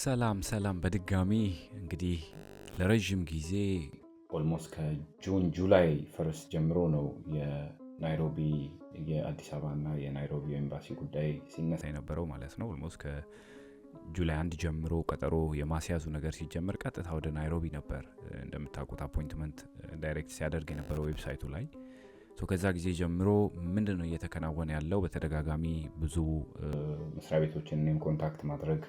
ሰላም ሰላም። በድጋሚ እንግዲህ ለረዥም ጊዜ ኦልሞስት ከጁን ጁላይ ፈርስት ጀምሮ ነው የናይሮቢ የአዲስ አበባና የናይሮቢ ኤምባሲ ጉዳይ ሲነሳ የነበረው ማለት ነው። ኦልሞስት ከጁላይ አንድ ጀምሮ ቀጠሮ የማስያዙ ነገር ሲጀመር ቀጥታ ወደ ናይሮቢ ነበር እንደምታውቁት አፖይንትመንት ዳይሬክት ሲያደርግ የነበረው ዌብሳይቱ ላይ ከዛ ጊዜ ጀምሮ ምንድን ነው እየተከናወነ ያለው? በተደጋጋሚ ብዙ መስሪያ ቤቶችን እኔም ኮንታክት ማድረግ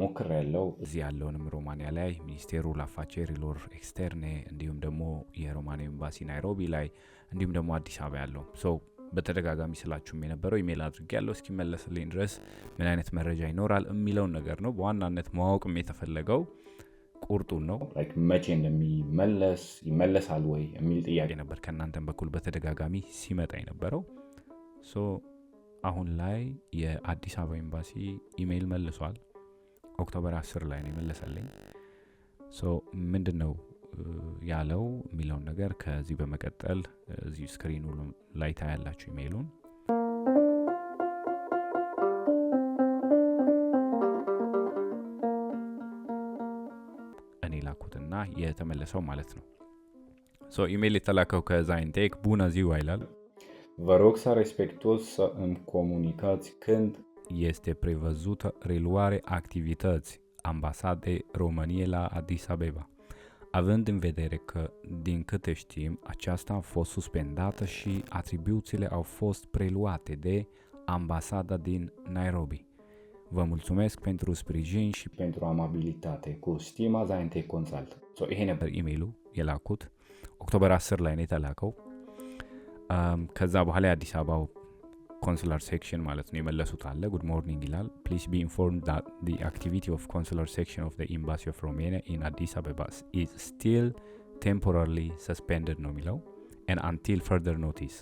ሞክር ያለው እዚህ ያለውንም ሮማኒያ ላይ ሚኒስቴሩ ላፋቼሪ ሎር ኤክስተርኔ እንዲሁም ደግሞ የሮማኒያ ኤምባሲ ናይሮቢ ላይ እንዲሁም ደግሞ አዲስ አበባ ያለው ሰው በተደጋጋሚ ስላችሁም የነበረው ኢሜል አድርጌ ያለው እስኪመለስልኝ ድረስ ምን አይነት መረጃ ይኖራል የሚለውን ነገር ነው በዋናነት ማወቅም የተፈለገው ቁርጡን ነው መቼ እንደሚመለስ ይመለሳል ወይ የሚል ጥያቄ ነበር ከእናንተን በኩል በተደጋጋሚ ሲመጣ የነበረው ሶ አሁን ላይ የአዲስ አበባ ኤምባሲ ኢሜይል መልሷል ኦክቶበር 10 ላይ ነው የመለሰልኝ። ሶ ምንድን ነው ያለው የሚለውን ነገር ከዚህ በመቀጠል እዚሁ ስክሪኑ ላይ ታያላችሁ ኢሜይሉን እኔ ላኩትና የተመለሰው ማለት ነው። ሶ ኢሜይል የተላከው ከዛይንቴክ ቡና ዚዋ ይላል vă ሬስፔክቶስ ኮሙኒካት ክንድ este prevăzută reluare activității ambasadei României la Addis Abeba, având în vedere că, din câte știm, aceasta a fost suspendată și atribuțiile au fost preluate de ambasada din Nairobi. Vă mulțumesc pentru sprijin și pentru amabilitate. Cu stima, Zainte Consult. So, ይሄ ኢሜይሉ የላኩት ኦክቶበር 10 la ነው የተላከው። ከዛ በኋላ የአዲስ አበባው ኮንስላር ሴክሽን ማለት ነው የመለሱት አለ ጉድ ሞርኒንግ ይላል ፕሊስ ቢ ኢንፎርም ዲ አክቲቪቲ ኦፍ ኮንስላር ሴክሽን ኦፍ ኤምባሲ ኦፍ ሮሜኒያ ኢን አዲስ አበባ ኢዝ ስቲል ቴምፖራሪ ሰስፔንደድ ነው የሚለው and until further notice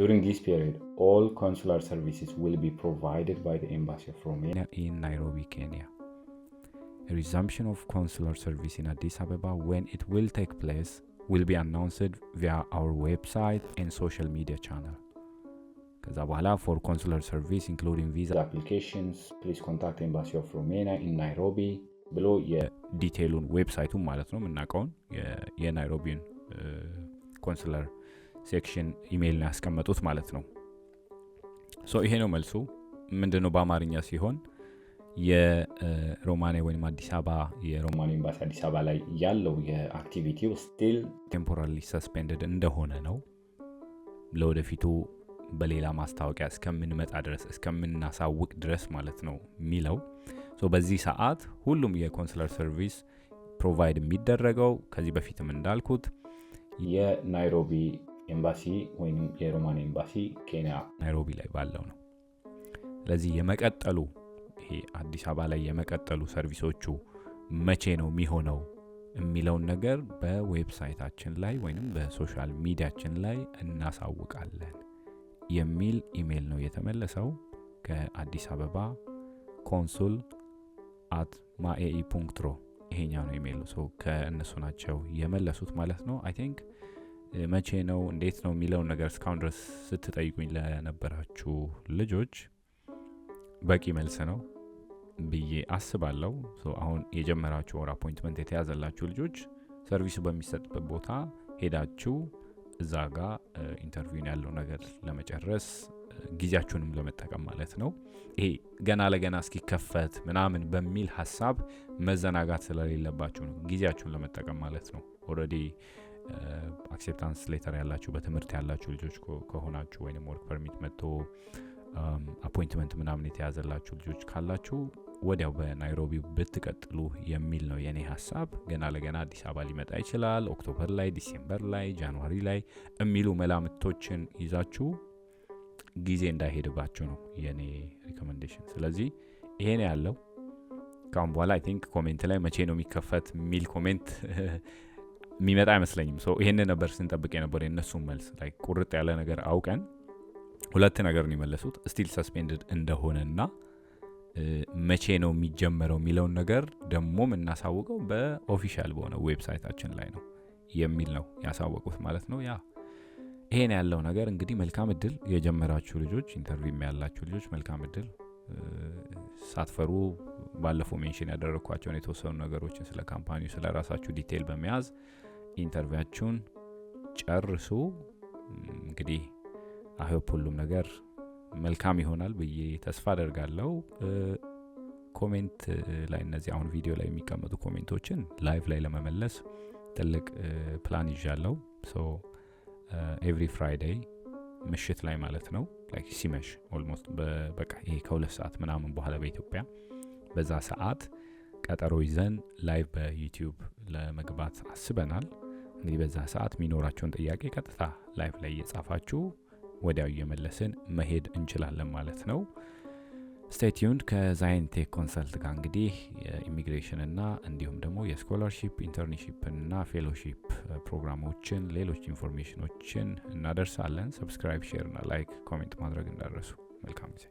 during this period all consular services will be provided by the embassy of romania in nairobi kenya a resumption of consular service in addis ababa when it will take place will be announced via our website and social media channel ከዛ በኋላ ፎር ኮንሱላር ሰርቪስ ኢንክሉዲንግ ቪዛ አፕሊኬሽንስ ፕሊስ ኮንታክት ኤምባሲ ኦፍ ሮሜኒያ ኢን ናይሮቢ ብሎ የዲቴይሉን ዌብሳይቱን ማለት ነው የምናውቀውን የናይሮቢን ኮንስለር ሴክሽን ኢሜይል ነው ያስቀመጡት ማለት ነው። ሶ ይሄ ነው መልሱ። ምንድን ነው በአማርኛ ሲሆን የሮማኔ ወይም አዲስ አበባ የሮማኒያ ኤምባሲ አዲስ አበባ ላይ ያለው የአክቲቪቲው ስቲል ቴምፖራሪ ሰስፔንድድ እንደሆነ ነው ለወደፊቱ በሌላ ማስታወቂያ እስከምንመጣ ድረስ እስከምናሳውቅ ድረስ ማለት ነው የሚለው። በዚህ ሰዓት ሁሉም የኮንስለር ሰርቪስ ፕሮቫይድ የሚደረገው ከዚህ በፊትም እንዳልኩት የናይሮቢ ኤምባሲ ወይም የሮማን ኤምባሲ ኬንያ ናይሮቢ ላይ ባለው ነው። ስለዚህ የመቀጠሉ ይሄ አዲስ አበባ ላይ የመቀጠሉ ሰርቪሶቹ መቼ ነው የሚሆነው የሚለውን ነገር በዌብሳይታችን ላይ ወይም በሶሻል ሚዲያችን ላይ እናሳውቃለን። የሚል ኢሜይል ነው የተመለሰው ከአዲስ አበባ ኮንሱል አት ማኤኢ ፑንክትሮ ይሄኛው ነው ኢሜይሉ። ሶ ከእነሱ ናቸው የመለሱት ማለት ነው። አይ ቲንክ መቼ ነው እንዴት ነው የሚለውን ነገር እስካሁን ድረስ ስትጠይቁኝ ለነበራችሁ ልጆች በቂ መልስ ነው ብዬ አስባለሁ። አሁን የጀመራችሁ ወር አፖይንትመንት የተያዘላችሁ ልጆች ሰርቪሱ በሚሰጥበት ቦታ ሄዳችሁ እዛ ጋ ኢንተርቪውን ያለው ነገር ለመጨረስ ጊዜያችሁንም ለመጠቀም ማለት ነው። ይሄ ገና ለገና እስኪከፈት ምናምን በሚል ሀሳብ መዘናጋት ስለሌለባችሁ ነው። ጊዜያችሁን ለመጠቀም ማለት ነው። ኦልሬዲ አክሴፕታንስ ሌተር ያላችሁ በትምህርት ያላችሁ ልጆች ከሆናችሁ ወይም ወርክ ፐርሚት መጥቶ አፖይንትመንት ምናምን የተያዘላችሁ ልጆች ካላችሁ ወዲያው በናይሮቢ ብትቀጥሉ የሚል ነው የኔ ሀሳብ። ገና ለገና አዲስ አበባ ሊመጣ ይችላል። ኦክቶበር ላይ፣ ዲሴምበር ላይ፣ ጃንዋሪ ላይ የሚሉ መላምቶችን ይዛችሁ ጊዜ እንዳይሄድባችሁ ነው የኔ ሪኮመንዴሽን። ስለዚህ ይሄ ነው ያለው። ካሁን በኋላ አይ ቲንክ ኮሜንት ላይ መቼ ነው የሚከፈት የሚል ኮሜንት የሚመጣ አይመስለኝም። ሰው ይሄንን ነበር ስንጠብቅ የነበር የእነሱን መልስ ላይ ቁርጥ ያለ ነገር አውቀን ሁለት ነገር ነው የመለሱት ስቲል ሰስፔንድድ እንደሆነና መቼ ነው የሚጀመረው የሚለውን ነገር ደግሞ የምናሳውቀው በኦፊሻል በሆነ ዌብሳይታችን ላይ ነው የሚል ነው ያሳወቁት ማለት ነው። ያ ይሄን ያለው ነገር እንግዲህ መልካም እድል የጀመራችሁ ልጆች፣ ኢንተርቪው ያላችሁ ልጆች መልካም እድል። ሳትፈሩ ባለፈው ሜንሽን ያደረግኳቸውን የተወሰኑ ነገሮችን ስለ ካምፓኒው ስለ ራሳችሁ ዲቴይል በመያዝ ኢንተርቪያችሁን ጨርሱ። እንግዲህ አሁ ሁሉም ነገር መልካም ይሆናል ብዬ ተስፋ አደርጋለሁ። ኮሜንት ላይ እነዚህ አሁን ቪዲዮ ላይ የሚቀመጡ ኮሜንቶችን ላይቭ ላይ ለመመለስ ትልቅ ፕላን ይዣለው ሶ ኤቭሪ ፍራይዴይ ምሽት ላይ ማለት ነው ሲመሽ ኦልሞስት በቃ ይሄ ከሁለት ሰዓት ምናምን በኋላ በኢትዮጵያ በዛ ሰዓት ቀጠሮ ይዘን ላይቭ በዩቲዩብ ለመግባት አስበናል። እንግዲህ በዛ ሰዓት የሚኖራቸውን ጥያቄ ቀጥታ ላይቭ ላይ እየጻፋችሁ ወዲያው እየመለስን መሄድ እንችላለን ማለት ነው። ስቴቲዩንድ ከዛይን ቴክ ኮንሰልት ጋር እንግዲህ ና እንዲሁም ደግሞ የስኮላርሺፕ ና ፌሎሺፕ ፕሮግራሞችን ሌሎች ኢንፎርሜሽኖችን እናደርሳለን። ሰብስክራይብ፣ ሼርና ላይክ ኮሜንት ማድረግ እንዳደረሱ መልካም ጊዜ